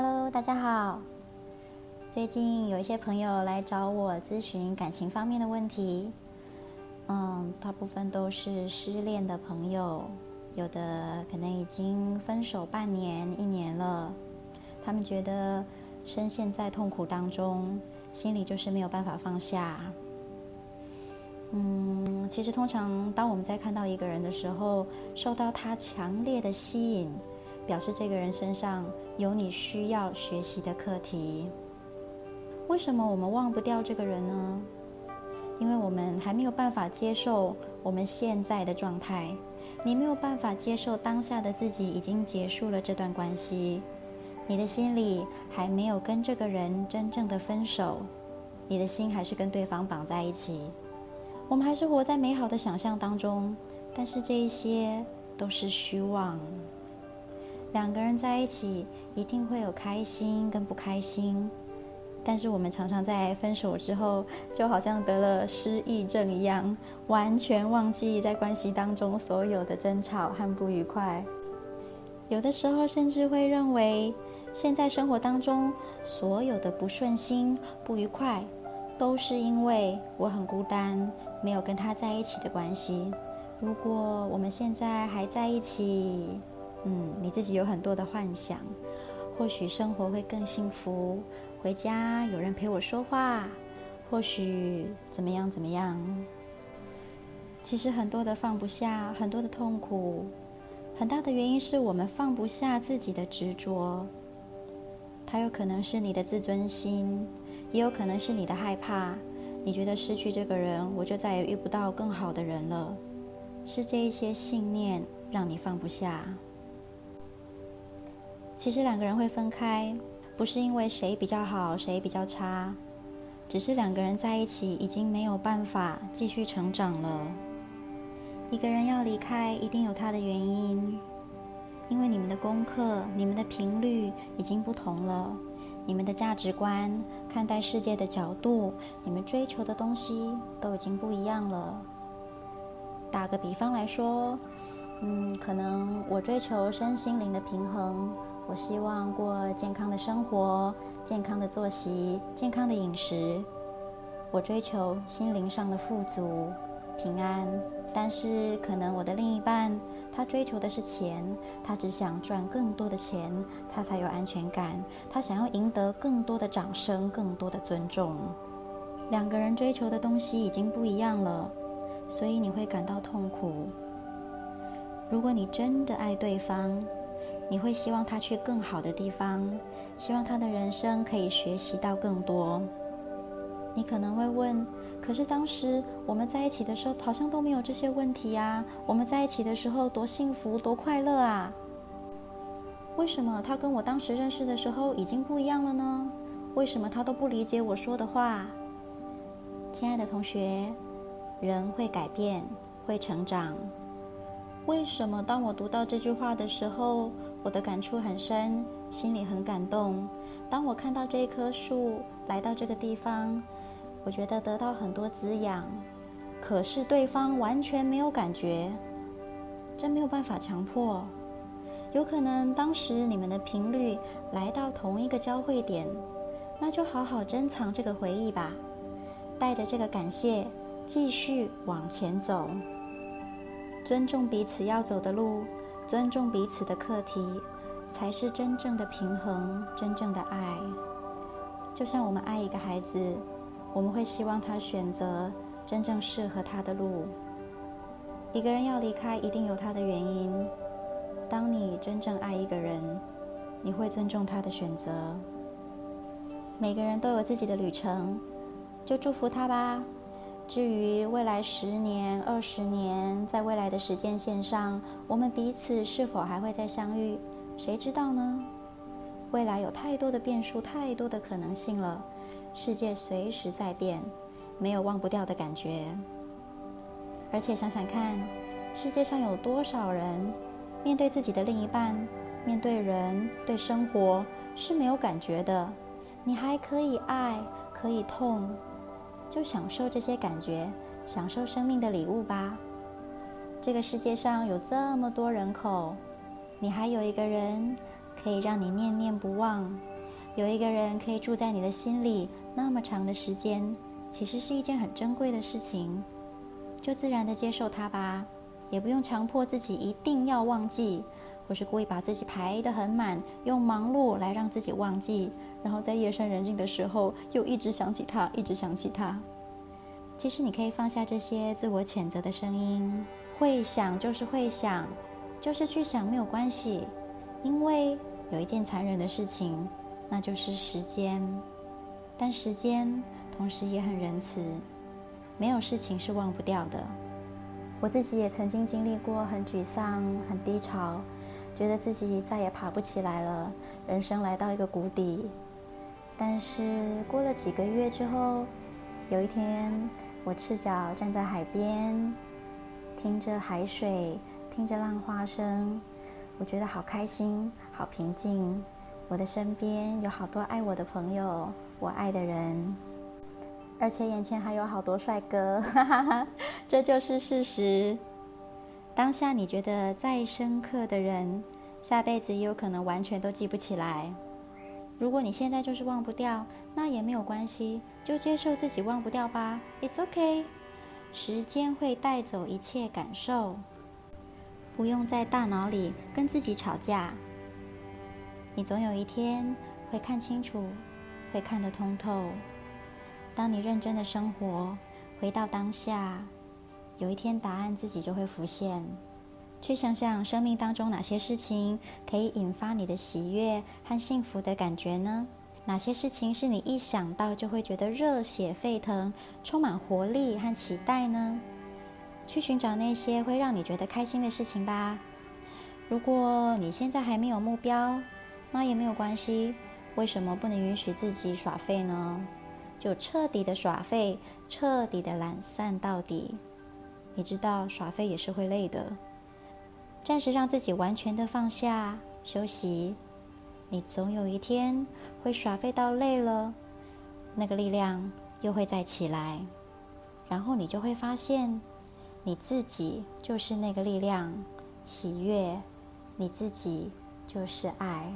Hello，大家好。最近有一些朋友來找我諮詢感情方面的問題，嗯，大部分都是失戀的朋友，有的可能已經分手半年、一年了，他們覺得深陷在痛苦當中，心裡就是沒有辦法放下。嗯，其實通常當我們在看到一個人的時候，受到他強烈的吸引。表示這個人身上有你需要學習的課題。為什麼我們忘不掉這個人呢？因為我們還沒有辦法接受我們現在的狀態，你沒有辦法接受當下的自己已經結束了這段關係，你的心裡還沒有跟這個人真正的分手，你的心還是跟對方綁在一起，我們還是活在美好的想象當中，但是這一些都是虛妄。兩個人在一起一定會有開心跟不開心，但是我們常常在分手之後，就好像得了失憶症一樣，完全忘記在關係當中所有的爭吵和不愉快。有的時候甚至會認為，現在生活當中所有的不順心、不愉快，都是因為我很孤單，沒有跟他在一起的關係。如果我們現在還在一起，嗯，你自己有很多的幻想，或許生活會更幸福。回家有人陪我說話，或許怎麼樣怎麼樣。其實很多的放不下，很多的痛苦，很大的原因是我們放不下自己的執着。它有可能是你的自尊心，也有可能是你的害怕。你覺得失去這個人，我就再也遇不到更好的人了。是這一些信念讓你放不下。其實兩個人會分開，不是因為誰比較好，誰比較差，只是兩個人在一起已經沒有辦法繼續成長了。一個人要離開，一定有他的原因，因為你們的功課、你們的頻率已經不同了，你們的價值觀、看待世界的角度、你們追求的東西都已經不一樣了。打個比方來說，嗯，可能我追求身心靈的平衡。我希望過健康的生活、健康的作息、健康的飲食。我追求心靈上的富足、平安。但是，可能我的另一半，他追求的是錢，他只想賺更多的錢，他才有安全感，他想要贏得更多的掌聲、更多的尊重。兩個人追求的東西已經不一樣了，所以你會感到痛苦。如果你真的愛對方，你會希望他去更好的地方，希望他的人生可以學習到更多。你可能會問：“可是當時我們在一起的時候，好像都沒有這些問題呀。我們在一起的時候多幸福、多快樂啊！為什麼他跟我當時認識的時候已經不一樣了呢？為什麼他都不理解我說的話？”親愛的同學，人會改變，會成長。為什麼當我讀到這句話的時候？我的感觸很深，心裡很感動。當我看到這一棵樹來到這個地方，我覺得得到很多滋養。可是對方完全沒有感覺，真沒有辦法強迫。有可能當時你們的頻率來到同一個交匯點，那就好好珍藏這個回憶吧，帶着這個感謝繼續往前走，尊重彼此要走的路。尊重彼此的課題，才是真正的平衡，真正的愛。就像我們愛一個孩子，我們會希望他選擇真正適合他的路。一個人要離開，一定有他的原因。當你真正愛一個人，你會尊重他的選擇。每個人都有自己的旅程，就祝福他吧。至於未來十年、二十年，在未來的時間線上，我們彼此是否還會再相遇，誰知道呢？未來有太多的變數，太多的可能性了。世界隨時在變，沒有忘不掉的感覺。而且想想看，世界上有多少人面對自己的另一半、面對人、對生活是沒有感覺的？你還可以愛，可以痛。就享受這些感覺，享受生命的禮物吧。這個世界上有這麼多人口，你還有一個人可以讓你念念不忘，有一個人可以住在你的心裡那麼長的時間，其實是一件很珍貴的事情。就自然地接受它吧，也不用強迫自己一定要忘記，或是故意把自己排得很滿，用忙碌來讓自己忘記。然後在夜深人靜的時候，又一直想起他，一直想起他。其實你可以放下這些自我譴責的聲音，會想就是會想，就是去想沒有關係，因為有一件殘忍的事情，那就是時間。但時間同時也很仁慈，沒有事情是忘不掉的。我自己也曾經經歷過很沮喪、很低潮，覺得自己再也爬不起來了，人生來到一個谷底。但是過了幾個月之後，有一天，我赤腳站在海邊，聽着海水，聽着浪花聲，我覺得好開心，好平靜。我的身邊有好多愛我的朋友，我愛的人，而且眼前還有好多帥哥，哈哈哈哈，這就是事實。當下你覺得再深刻的人，下輩子也有可能完全都記不起來。如果你現在就是忘不掉，那也沒有關係，就接受自己忘不掉吧。It's okay，時間會帶走一切感受，不用在大腦裡跟自己吵架。你總有一天會看清楚，會看得通透。當你認真的生活，回到當下，有一天答案自己就會浮現。去想想生命當中哪些事情可以引發你的喜悅和幸福的感覺呢？哪些事情是你一想到就會覺得熱血沸騰、充滿活力和期待呢？去尋找那些會讓你覺得開心的事情吧。如果你現在還沒有目標，那也沒有關係，為什麼不能允許自己耍廢呢？就徹底的耍廢，徹底的懶散到底。你知道，耍廢也是會累的。暫時讓自己完全的放下休息，你總有一天會耍廢到累了，那個力量又會再起來，然後你就會發現你自己就是那個力量，喜悅，你自己就是愛。